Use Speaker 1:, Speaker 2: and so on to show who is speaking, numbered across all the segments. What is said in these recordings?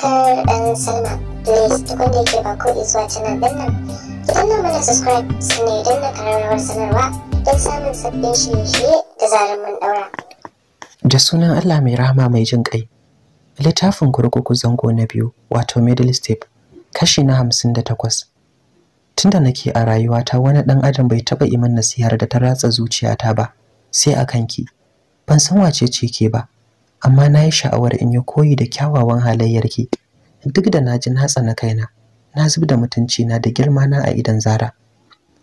Speaker 1: subscribe and sign up. da subscribe sanarwa don samun sabbin shirye da sunan Allah mai rahama mai jin kai. Littafin kurkuku zango na biyu wato middle step kashi na hamsin da takwas. Tunda nake a rayuwata wani ɗan adam bai taɓa iman nasihar da ta ratsa zuciyata ba sai a kanki. Ban san wace ce ke ba. amma na yi sha'awar in yi koyi da kyawawan halayyarki duk da na ji na tsana kaina na zub da mutunci na da girma na a idan zara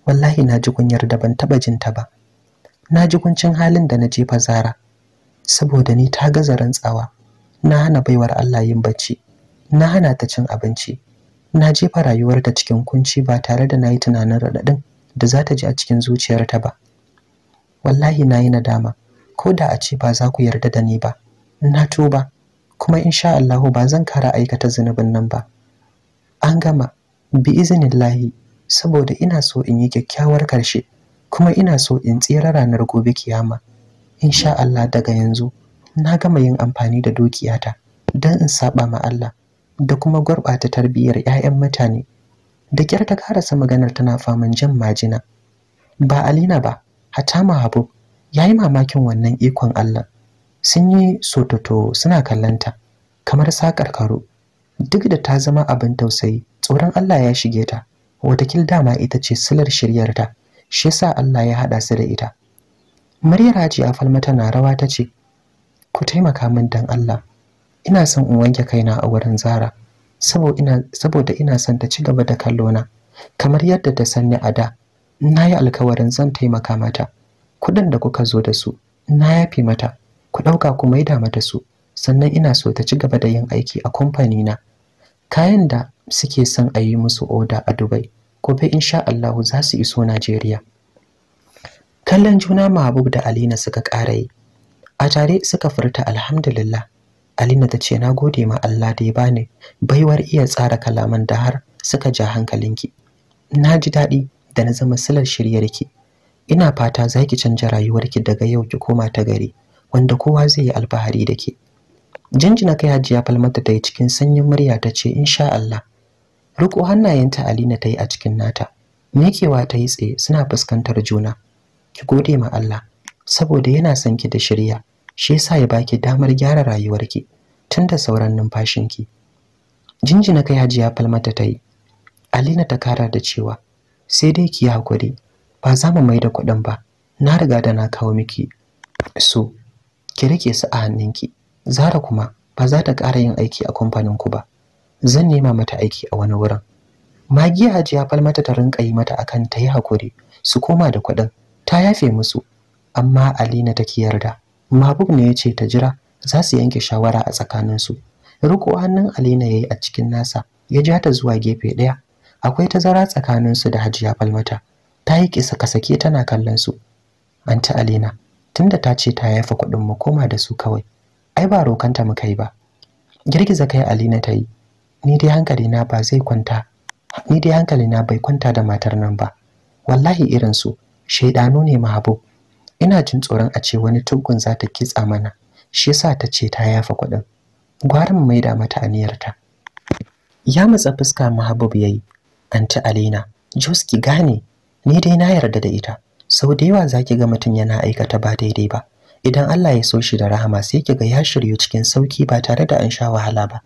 Speaker 1: wallahi na ji kunyar da ban taba jin ta ba na ji kuncin halin da na jefa zara saboda ni ta gaza rantsawa na hana baiwar Allah yin bacci na hana ta cin abinci na jefa rayuwarta cikin kunci ba tare da na yi tunanin raɗaɗin da za ta ji a cikin zuciyarta ba wallahi na yi nadama ko da a ce ba za ku yarda da ni ba na tuba kuma insha Allahu ba zan kara aikata zunubin nan ba an gama bi lahi saboda ina so in yi kyakkyawar karshe kuma ina so in tsira ranar gobe kiyama insha Allah daga yanzu na gama yin amfani da dukiyata don in saba ma Allah da kuma gurɓata tarbiyyar 'ya'yan mutane da kyar ta karasa maganar tana faman jan majina ba Alina ba Hatama Habub yayi mamakin wannan ikon Allah sun yi sototo suna kallanta kamar saƙar karo duk da ta zama abin tausayi tsoron Allah ya shige ta watakil dama ita ce silar ta shi yasa Allah ya haɗa su da ita Maryar Hajiya Falma tana rawa ta ce ku taimaka min dan Allah ina son in wanke kaina a wurin Zara saboda ina saboda ina son ta ci gaba da na. kamar yadda ta sanni a da na yi alkawarin zan taimaka mata kuɗin da kuka zo da su na yafe mata ku ɗauka ku maida mata su sannan ina so ta ci gaba da yin aiki a kamfani na kayan da suke son a yi musu oda a Dubai gobe insha Allahu za su iso Najeriya kallon juna Mahabub da Alina suka ƙara yi a tare suka furta alhamdulillah Alina ta ce na gode ma Allah da ya bani baiwar iya tsara kalaman da har suka ja hankalinki na ji daɗi da na zama silar shiryarki ina fata za ki canja rayuwarki daga yau ki koma ta gari wanda kowa zai yi alfahari da ke jinjina kai hajiya falmata ta yi cikin sanyin murya ta ce insha Allah riko hannayenta Alina ta yi a cikin nata mekewa ta yi tsaye suna fuskantar juna ki gode ma Allah saboda yana son ki da shirya shi yasa ya baki damar gyara rayuwarki tunda sauran numfashinki jinjina kai hajiya falmata ta yi Alina ta kara da cewa sai dai ki yi hakuri ba za mu mai da kuɗin ba na riga da na kawo miki so ki rike su a hannunki zara kuma ba za ta ƙara yin aiki a kamfanin ku ba zan nema mata aiki a wani wurin magi hajiya falmata ta rinka yi mata akan ta yi hakuri su koma da kuɗin ta yafe musu amma alina ta ki yarda mabuk ne ya ce ta jira za su yanke shawara a tsakanin su riko hannun alina yayi a cikin nasa ya ja ta zuwa gefe ɗaya akwai tazara su da hajiya falmata ta yi kisa kasake tana kallon su Anta alina tunda ta ce ta yafa kuɗin mu koma da su kawai ai ba rokanta mu kai ba girgiza kai ali na ta yi ni dai hankali na ba zai kwanta ni dai hankali na bai kwanta da matar nan ba wallahi irin su shaidanu ne mahabub ina jin tsoron a ce wani tugun za ta kitsa mana shi yasa ta ce ta yafa kuɗin gwarin mu maida mata aniyarta ya matsa fuska mahabub yayi anti alina jos ki gane ni dai na yarda da ita sau da yawa za ki ga mutum yana aikata ba daidai ba idan Allah ya so shi da rahama sai ki ga ya shiryu cikin sauki ba tare da an sha wahala ba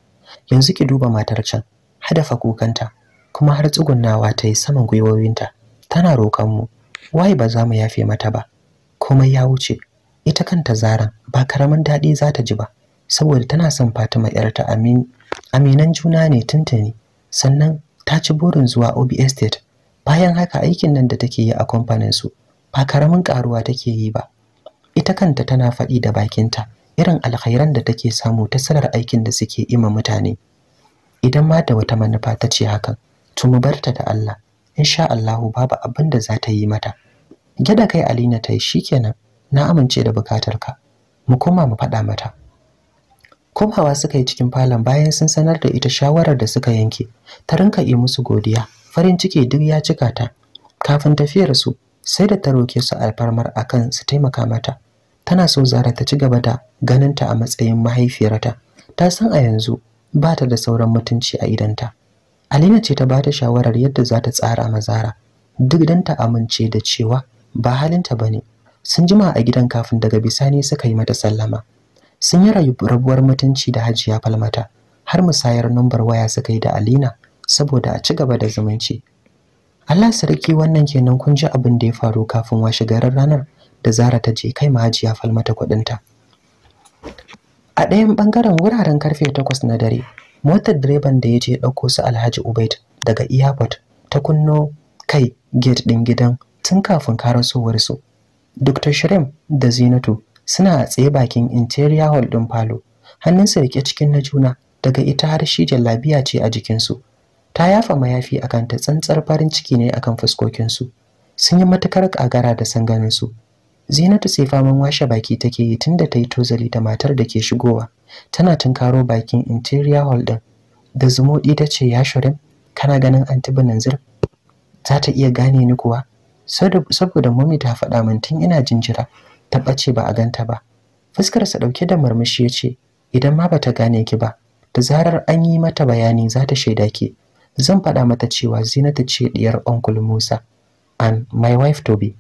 Speaker 1: yanzu ki duba matar can hadafa kukanta kuma har tsugunnawa ta yi saman gwiwowinta tana roƙon mu wai ba za mu yafe mata ba komai ya wuce ita kanta zaran ba karamin daɗi za ta ji ba saboda tana son Fatima yarta amin aminan juna ne tuntuni sannan ta ci burin zuwa Obi Estate bayan haka aikin nan da take yi a kamfanin su ba karamin karuwa take yi ba ita kanta tana faɗi da bakinta irin alkhairan da take samu ta salar aikin da suke ima mutane idan ma da wata manufa ta ce hakan to mu barta da Allah insha Allahu babu abin da za ta yi mata gyada kai Alina ta yi shikenan na amince da ka. mu koma mu faɗa mata komawa suka yi cikin falon bayan sun sanar da ita shawarar da suka yanke ta rinka yi musu godiya farin ciki duk ya cika ta kafin tafiyar su sai da ta roke su alfarmar akan su taimaka mata tana so Zara ta ci gaba da ganinta a matsayin mahaifiyarta ta san a yanzu ba ta da sauran mutunci a idanta Alina ce ta bata shawarar yadda za ta tsara ma Zara duk dan ta amince da cewa ba halinta bane sun jima a gidan kafin daga bisani suka yi mata sallama sun yi rabuwar mutunci da Hajiya Falmata har musayar numbar waya suka yi da Alina saboda a ci gaba da zumunci Allah sarki wannan kenan kun ji abin da ya faru kafin washe garin ranar da Zara ta je kai mahajiya falmata kuɗinta. A ɗayan ɓangaren wuraren karfe takwas na dare, motar direban da ya je ɗauko su Alhaji Ubaid daga airport ta kunno kai gate ɗin gidan tun kafin karasowar su. Dr. Shrem da Zinatu suna a tsaye bakin interior hall ɗin falo, Hannun rike cikin na juna daga ita har shi jallabiya ce a jikinsu. ta yafa mayafi a kanta tsantsar farin ciki ne akan fuskokinsu sun yi matukar ƙagara da ganin su. zinatu sai faman washe baki take yi tunda ta yi tozali da matar da ke shigowa tana tunkaro bakin interior hall din da zumuɗi ta ce ya shirin kana ganin antibananzir? nanzir za ta iya gane ni kuwa saboda mummy ta faɗa min tun ina jinjira ta ɓace ba a ganta ba fuskarsa ɗauke da murmushi ya ce idan ma bata gane ki ba da zarar an yi mata bayani za ta shaida ki zan faɗa mata cewa zinata ce diyar uncle musa and my wife to be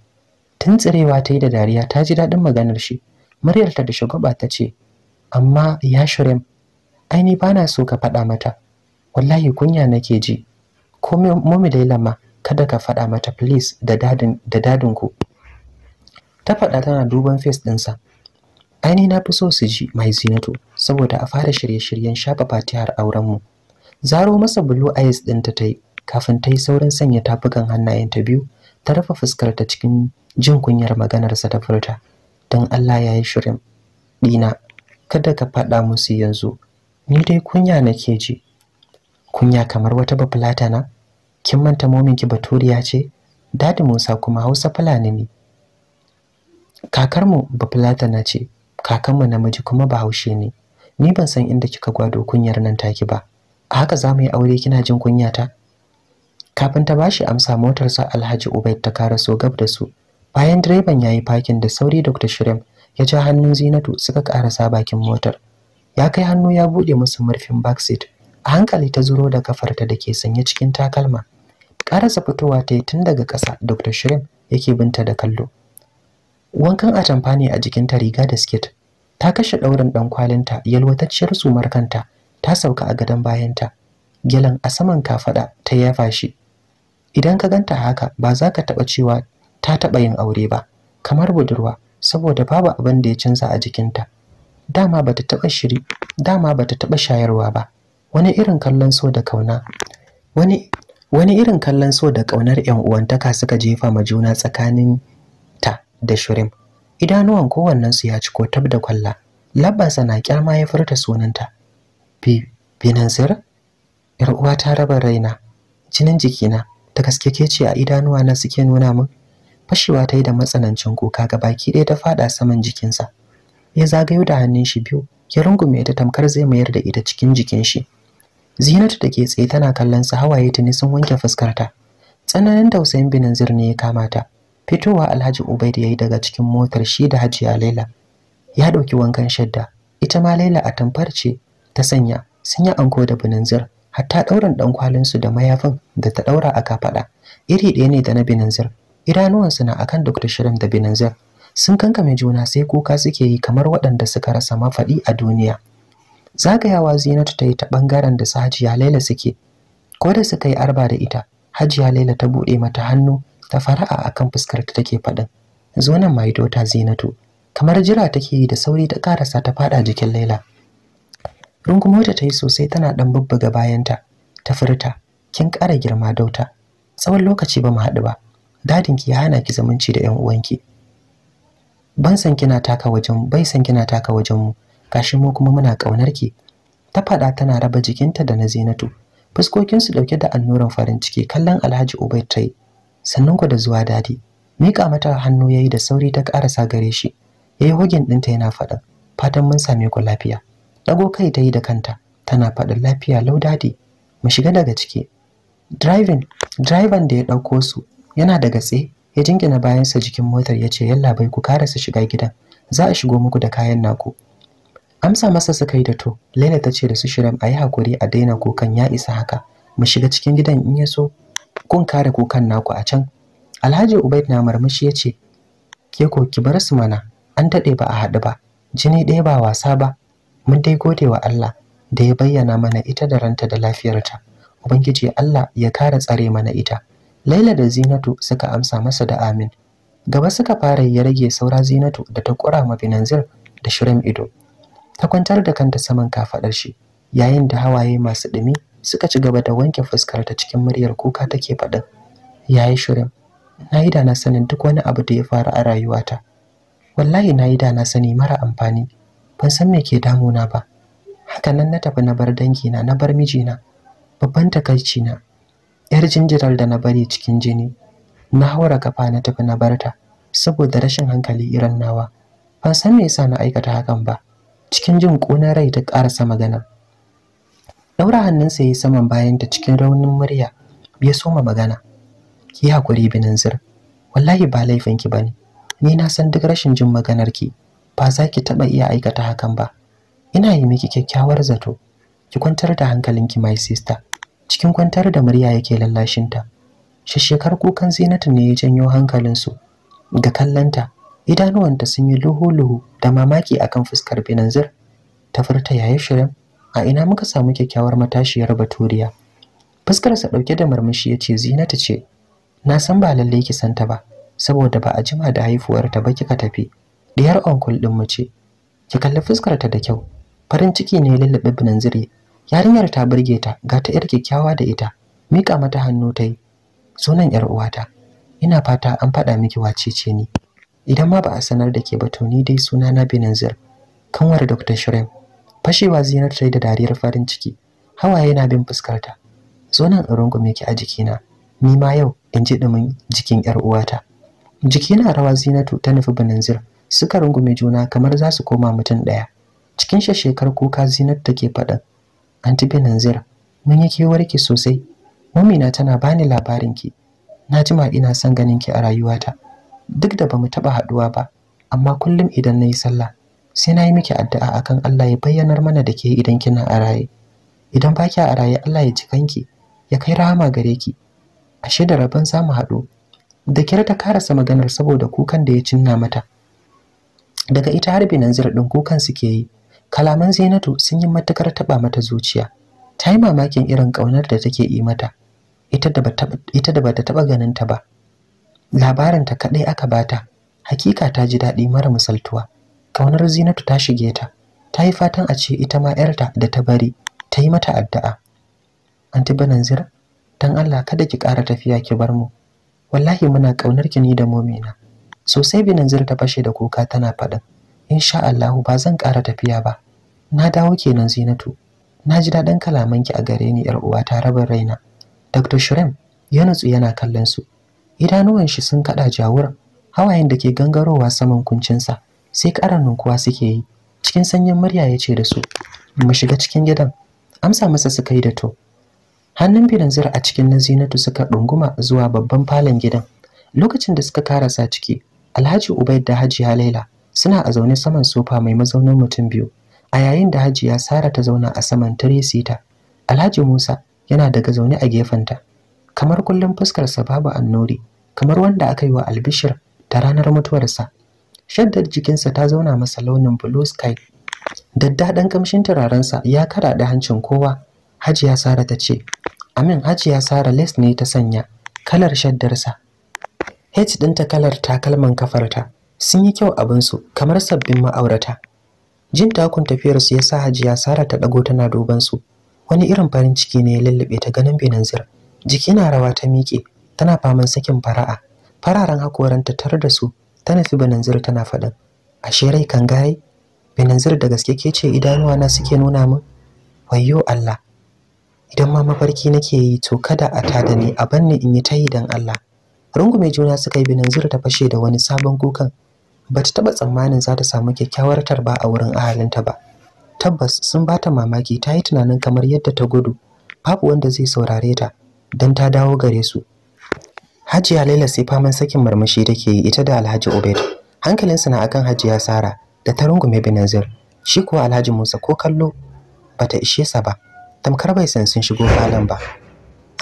Speaker 1: tun tsirewa ta yi da dariya ta ji daɗin maganar shi muryarta da shagwaba ta ce amma ya shirin Aini ba na so ka faɗa mata wallahi kunya nake ji ko mummy dai lama kada ka faɗa mata please da dadin da dadin ku ta faɗa tana duban face ɗinsa sa na fi so su ji mai zinato, saboda a fara shirye-shiryen shafa fatihar auren mu zaro masa blue eyes din ta yi, kafin ta yi saurin sanya tafukan hannayenta biyu ta rufe fuskar ta cikin jin kunyar maganarsa ta furta don Allah ya yi shirin dina kada ka faɗa musu yanzu ni dai kunya nake ji kunya kamar wata bafulata na kin manta mominki baturiya ce dadi musa kuma hausa fulani ne kakarmu bafulata na ce kakanmu namiji kuma bahaushe ne ni ban san inda kika gwado kunyar nan taki ba a haka za mu yi aure kina jin kunyata kafin ta bashi amsa motarsa alhaji ubaid ta so gab da su bayan direban ya yi fakin da sauri dr shirem ya ja hannun zinatu suka sa bakin motar ya kai hannu ya buɗe musu murfin backseat a hankali ta zuro da kafarta da ke sanye cikin takalma karasa fitowa ta yi tun daga ƙasa dr shirem yake binta da kallo wankan atamfa ne a jikinta riga da skirt ta kashe ɗaurin ɗan kwalinta yalwatacciyar sumar kanta ta sauka a gadon bayanta gyalan a saman kafada ta yafa shi idan ka ganta haka ba za ka taba cewa ta taɓa yin aure ba kamar budurwa saboda babu abin da ya canza a jikinta dama ta taba shiri dama bata taba shayarwa ba wani irin kallon so da kauna wani wani irin kallon so da kaunar yan uwantaka suka jefa ma juna tsakanin ta da Shurim idanuwan kowannen su ya ko tab da kwalla labbansa na kyarma ya furta sunanta binanzir yar uwa ta raba raina jinin na. ta gaske ke ce a idanuwa na suke nuna min fashewa ta yi da matsanancin kuka ga baki ɗaya ta faɗa saman jikinsa ya zagayo da hannun shi biyu ya rungume ta tamkar zai mayar da ita cikin jikin shi zinatu da ke tsaye tana kallon su hawaye tuni sun wanke fuskarta tsananin tausayin binanzir ne ya kama ta fitowa alhaji ubaid ya yi daga cikin motar shi da hajiya laila ya ɗauki wankan shadda ita ma laila a tamfar ce ta sanya sun yi anko da binanzir hatta ɗaurin ɗankwalinsu da mayafin da ta ɗaura a kafaɗa iri ɗaya ne da na binanzir idanuwansu na akan dr shirin da binanzir sun kankame juna sai kuka suke yi kamar waɗanda suka rasa mafaɗi a duniya zagayawa zinatu ta yi ta ɓangaren da su hajiya laila suke ko da suka yi arba da ita hajiya laila ta buɗe mata hannu ta fara'a akan fuskar ta take faɗin zo nan mai dota zinatu kamar jira take yi da sauri ta karasa ta faɗa jikin laila Rungumota ta yi sosai tana ɗan bubbuga bayanta, ta furta, kin ƙara girma dauta. Tsawon lokaci ba mu haɗu ba, dadinki ya hana ki zamanci da ‘yan uwanki. Ban san kina taka wajen bai san kina taka wajen mu, gashi mu kuma muna ƙaunar ki. Ta faɗa tana raba jikinta da na Zinatu. Fuskokinsu ɗauke da annoran farin ciki kallon Alhaji ubay ta yi. Sannan ku da zuwa dadi. Mika mata hannu yayi da sauri ta ƙarasa gare shi. Yayi hogin ɗinta yana faɗa. Fatan mun same ku lafiya. Dago kai ta yi da kanta tana faɗin lafiya lau dadi mu shiga daga ciki driving drivan da ya ɗauko su yana daga tse ya jingina bayansa jikin motar ya ce yalla bai ku karasa shiga gidan za a shigo muku da kayan naku amsa masa suka yi da to laila ta ce da su shirin a yi hakuri a daina kukan ya isa haka mu shiga cikin gidan in ya so kun kare kukan naku a can alhaji ubaid na marmashi ya ce ke ko ki bar su mana an daɗe ba a haɗu ba jini ɗaya ba wasa ba mun dai gode wa Allah da ya bayyana mana ita da ranta da lafiyarta ubangiji Allah ya kara tsare mana ita Laila da Zinatu suka amsa masa da amin gaba suka fara ya rage saura Zinatu da ta kura mafinanzir Binanzir da shirin ido ta kwantar da kanta saman kafadar shi yayin da hawaye masu dumi suka ci gaba da wanke fuskar ta cikin muryar kuka take faɗin yayi shirin na yi da na sanin duk wani abu da ya faru a rayuwata wallahi na yi da na sani mara amfani ban san me ke damuna ba haka nan na tafi na bar dangina na bar mijina babban takaici na yar jinjirar da na bari cikin jini na haura kafa na tafi na barta saboda rashin hankali irin nawa ban san me yasa na aikata hakan ba cikin jin ƙunar rai ta ƙarasa magana daura hannunsa yayi saman bayan ta cikin raunin murya ya soma magana ki hakuri binin zir wallahi ba laifin laifinki bane ni na san duk rashin jin maganar ki ba za ki taɓa iya aikata hakan ba ina yi miki kyakkyawar zato ki kwantar da hankalinki my sister cikin kwantar da murya yake lallashinta shashekar kukan zinatu ne ya janyo hankalinsu ga kallanta idanuwanta sun yi luhu-luhu da mamaki akan fuskar binanzir ta furta yayi shirin a ina muka samu kyakkyawar matashiyar baturiya fuskarsa ɗauke da murmushi ya ce zinatu ce na san ba lallai ki santa ba saboda ba a jima da haifuwarta ba kika tafi diyar onkul din mu ce ki kalli fuskar ta da kyau farin ciki ne lullube zire yarinyar ta burge ta ga ta yar kyakkyawa da ita mika mata hannu ta yi sunan yar uwata ina fata an faɗa miki wacece ni idan ma ba a sanar da ke ba to ni dai suna na binanzir kanwar dr shirem fashewa zinar ta da dariyar farin ciki hawaye yana bin fuskarta ta nan in rungume ki a jikina ni ma yau in ji dumin jikin yar uwata jiki na rawa zinatu ta nufi binanzir suka rungume juna kamar za su koma mutum ɗaya cikin shekar kuka zinat take faɗa anti benanzir mun yi kewarki sosai mumina tana bani ki. na ji ma ina son ki a rayuwata duk da bamu taɓa haɗuwa ba amma kullum idan na yi sallah sai na yi miki addu'a akan Allah ya bayyanar mana da ke idan kina a raye idan ba a raye Allah ya ci kanki ya kai rahama gare ki ashe da rabon za mu haɗu da kira ta karasa maganar saboda kukan da ya cinna mata daga ita har binanzir ɗin kukan suke yi kalaman zainatu sun yi matukar taɓa mata zuciya ta yi mamakin irin ƙaunar da take yi mata ita da bata taɓa ganin ta ba labarinta kaɗai aka bata hakika ta ji daɗi mara misaltuwa ƙaunar zinatu ta shige ta ta yi fatan a ce ita ma 'yarta da ta bari ta yi mata addu'a anti bananzir dan Allah kada ki ƙara tafiya ki bar mu wallahi muna ƙaunar ki ni da momina sosai binanzir ta fashe da kuka tana faɗin insha Allahu ba zan ƙara tafiya ba na dawo kenan Zinatu na ji daɗin kalamanki a gare ni 'yar uwa ta rabin raina Dr. Shrem ya nutsu yana kallon su idanuwan shi sun kaɗa jawur hawayen da ke gangarowa saman kuncinsa sai ƙaran ninkuwa suke yi cikin sanyin murya ya ce da su mu shiga cikin gidan amsa masa suka yi da to hannun zira a cikin na zinatu suka ɗunguma zuwa babban falon gidan lokacin da suka karasa ciki Alhaji Ubaid da Hajiya Laila suna a zaune saman sofa mai mazaunin mutum biyu. A yayin da Hajiya Sara ta zauna a saman tresita sita Alhaji Musa yana daga zaune a gefenta. Kamar kullum fuskarsa babu annori, kamar wanda aka yi wa albishir ta ranar mutuwarsa. Shaddar jikinsa ta zauna masa launin blue sky. Daddaɗan kamshin turarensa ya karaɗe hancin kowa. Hajiya Sara ta ce, Amin Hajiya Sara les ne ta sanya kalar shaddarsa H ta kalar takalman kafarta sun yi kyau su kamar sabbin ma'aurata. Jin takun tafiyarsu ya sa Hajiya Sara ta ɗago tana duban su. Wani irin farin ciki ne ya lallube ta ganin Benanzir. Jiki na rawa ta miƙe, tana faman sakin fara'a. Fararen hakoranta tare da su, ta nufi Benanzir tana faɗin. Ashe rai kan gaye? Benanzir da gaske ke ce idanuwa na suke nuna min? Wayyo Allah! Idan ma mafarki nake yi to kada a tada ni a banni in yi ta yi don Allah. rungume juna suka yi binanzir ta fashe da wani sabon kukan ba ta taɓa tsammanin za ta samu kyakkyawar tarba a wurin ahalinta ba tabbas sun ba ta mamaki ta yi tunanin kamar yadda ta gudu babu wanda zai saurare ta don ta dawo gare su hajiya laila sai faman sakin marmashi ke yi ita da alhaji obed Hankalinsu na akan hajiya sara da ta rungume binanzir shi kuwa alhaji musa ko kallo bata ishe sa ba tamkar bai san sun shigo falon ba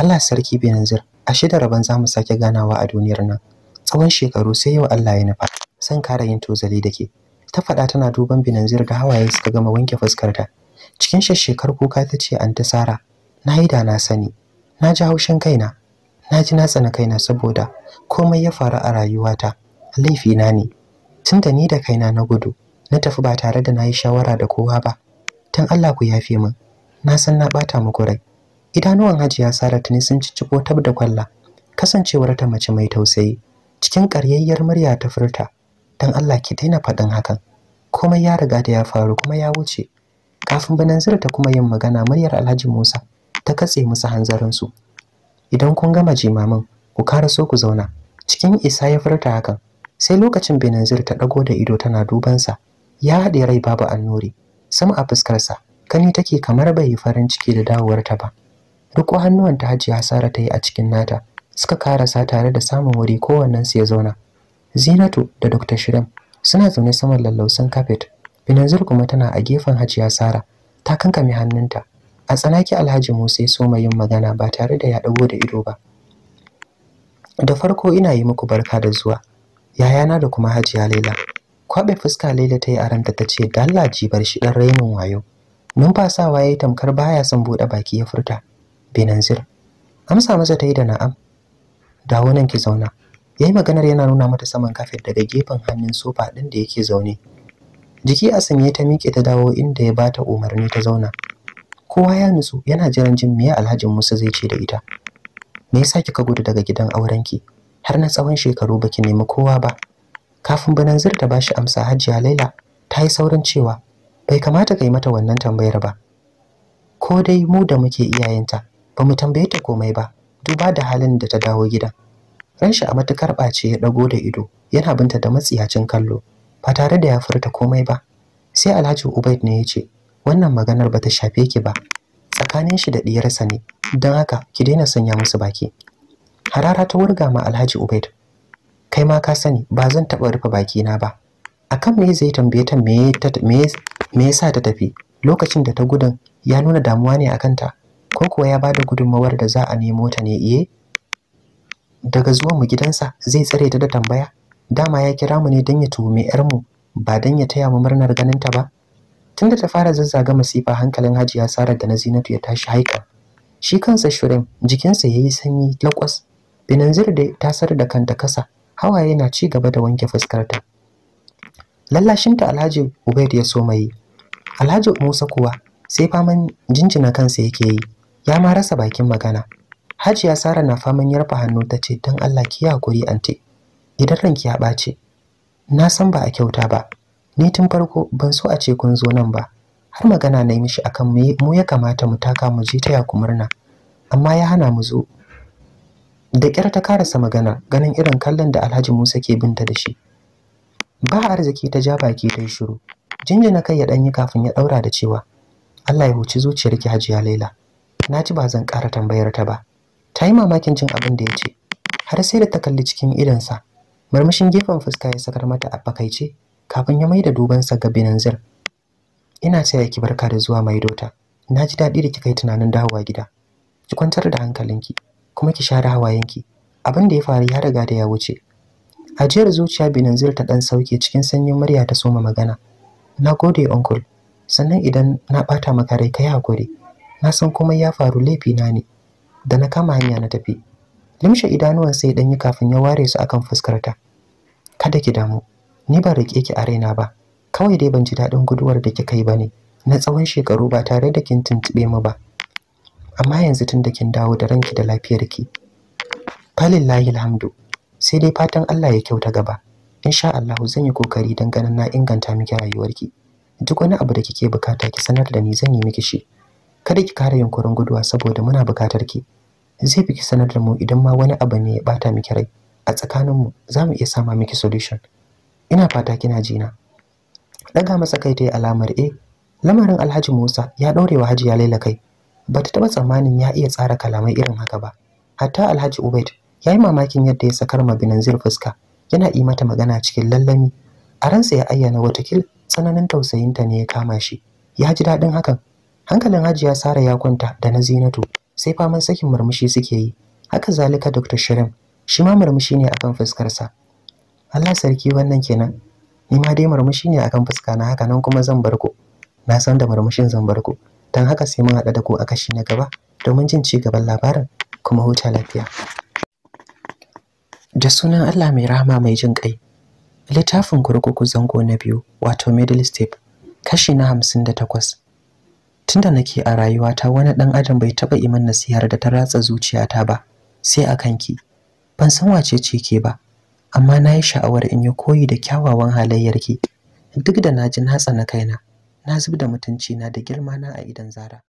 Speaker 1: Allah sarki binanzir a shida rabon zamu sake ganawa a duniyar nan tsawon shekaru sai yau Allah ya nufa san kara yin tozali da ke ta faɗa tana duban binanzir zirga hawaye suka gama wanke fuskarta cikin shekar kuka ta ce an sara na yi da na sani na ji haushin kaina na ji na tsana kaina saboda komai ya faru a rayuwata laifina ne tun da ni da kaina na gudu na tafi ba tare da na yi shawara da kowa ba Tun Allah ku yafe min na san na bata muku rai idanuwan hajiya sara tuni sun cicciko tab da kwalla kasancewar ta mace mai tausayi cikin karyayyar murya ta furta dan Allah ki daina faɗin hakan komai ya riga da ya faru kuma ya wuce kafin bananzir ta kuma yin magana muryar Alhaji Musa ta katse musu hanzarin su idan kun gama jimamin ku karaso ku zauna cikin isa ya furta hakan sai lokacin zira ta dago da ido tana duban sa ya haɗe rai babu annuri. sam a fuskarsa kani take kamar bai yi farin ciki da dawowarta ba Riko ta Hajiya Sara ta yi a cikin nata. Suka karasa tare da samun wuri su ya zauna. Zinatu da Dr. Shirin suna zaune saman lallausan kafet. Binanzir kuma tana a gefen Hajiya Sara ta kankame hannunta. A tsanaki Alhaji Musa ya soma yin magana ba tare da ya dago da ido ba. Da farko ina yi muku barka da zuwa. Yayana da kuma Hajiya Laila. Kwaɓe fuska Laila ta yi a ranta ta ce, ji jibar shi ɗan rainin wayo." Numfasawa ya yi tamkar baya son buɗe baki ya furta. Binanzir? Amsa masa ta yi da na'am. Dawo nan ki zauna. Ya yi maganar yana nuna mata saman kafet daga gefen hannun sofa ɗin da yake zaune. Jiki a sanye ta miƙe ta dawo inda ya bata umarni ta zauna. Kowa ya nutsu yana jiran jin me Alhajin Musa zai ce da ita. Me yasa kika gudu daga gidan aurenki? Har na tsawon shekaru baki nemi kowa ba. Kafin binanzir ta bashi amsa Hajiya Laila ta yi saurin cewa bai kamata ka yi mata wannan tambayar ba. Ko dai mu da muke iyayenta ba mu tambaye ta komai ba duba da halin da ta dawo gidan ranshi a matukar ɓace ya ɗago da ido yana binta da matsiyacin kallo ba tare da ya furta komai ba sai alhaji ubaid ne ya ce wannan maganar ba ta shafe ki ba tsakanin shi da ɗiyarsa ne don haka ki daina sanya musu baki harara ta wurga ma alhaji ubaid kai ma ka sani ba zan taɓa rufe bakina ba akan me zai tambaye ta me yasa ta tafi lokacin da ta gudun, ya nuna damuwa ne akan ta ko kuwa ya bada gudunmawar da za a nemo ta ne iye eh? daga zuwa mu gidansa zai tsare ta da tambaya dama ya kira mu ne don ya tuhumi yar mu ba don ya taya mu murnar ganin ta ba tunda ta fara zazzaga masifa hankalin Hajiya Sara da na Zinatu ya tashi haika shi kansa shirin jikinsa ya yi sanyi lakwas Binanzir da tasar da kanta kasa hawaye na ci gaba da wanke fuskarta lallashinta Alhaji Ubaid ya so mai Alhaji Musa kuwa sai faman jinjina kansa yake yi ya ma rasa bakin magana hajiya sara na faman yarfa hannu ta ce don allah ki hakuri anti idan ranki ya ɓace na san ba a kyauta ba ni tun farko ban so a ce kun zo nan ba har magana na yi mishi akan mu ya kamata mu taka mu je ta yaku murna amma ya hana mu zo da ƙyar ta karasa magana ganin irin kallon da alhaji musa ke binta da shi ba arziki ta ja baki ta yi shiru jinjina kai ya ɗanyi kafin ya ɗaura da cewa allah ya huci zuciyarki hajiya laila na ji ba zan ƙara tambayar ta ba ta yi mamakin cin abin da ya ce har sai da ta kalli cikin idonsa murmushin gefen fuska ya sakar mata a fakaice kafin ya mai da dubansa ga binanzir ina saya ki barka da zuwa maidota na ji daɗi da kika yi tunanin dawowa gida ki kwantar da hankalinki kuma ki share hawayenki abin da ya faru ya riga da ya wuce ajiyar zuciya binanzir ta ɗan sauke cikin sanyin murya ta soma magana na gode uncle sannan idan na ɓata maka rai ka yi hakuri na san komai ya faru laifina ne da na kama hanya na tafi limshe idanuwan sai danyi kafin ya ware su akan fuskarta kada ki damu ni ba rike ki a raina ba kawai dai ban ji dadin guduwar da kika yi bane na tsawon shekaru ba tare da kin tuntube mu ba amma yanzu tun da kin dawo da ranki da lafiyarki falillahi alhamdu sai dai fatan Allah ya kyauta gaba insha Allah zan yi kokari dan ganin na inganta miki rayuwarki duk wani abu da kike bukata ki sanar da ni zan yi miki shi kada ki kare yunkurin guduwa saboda muna bukatar ki zai fi ki sanar da mu idan ma wani abu ne ya bata miki rai a tsakaninmu za mu iya sama miki solution ina fata kina ji na. daga masa kai ta alamar e lamarin alhaji musa ya ɗaurewa hajiya laila kai ba ta taɓa tsammanin ya iya tsara kalamai irin haka ba hatta alhaji ubaid ya yi mamakin yadda ya sakar ma binanzir fuska yana yi mata magana cikin lallami a ransa ya ayyana watakil tsananin tausayinta ne ya kama shi ya ji daɗin hakan hankalin hajiya sara ya kwanta da na zinatu sai faman sakin murmushi suke yi haka zalika dr shirin shi ma murmushi ne akan fuskarsa allah sarki wannan kenan ni ma dai murmushi ne akan fuska na haka nan kuma zan barko. na san da murmushin zan barko, ku don haka sai mun hada da ku a kashi na gaba domin jin ci gaban labarin kuma huta lafiya da sunan allah mai rahama mai jin kai littafin kurkuku zango na biyu wato middle step kashi na hamsin da takwas tunda nake a rayuwata wani dan adam bai taba yi min nasihar da ta ratsa zuciyata ba sai a kanki ban san wace ce ke ba amma na yi sha'awar in yi koyi da kyawawan halayyarki duk da na ji na tsana kaina na zub da mutunci na da girmana a idan zara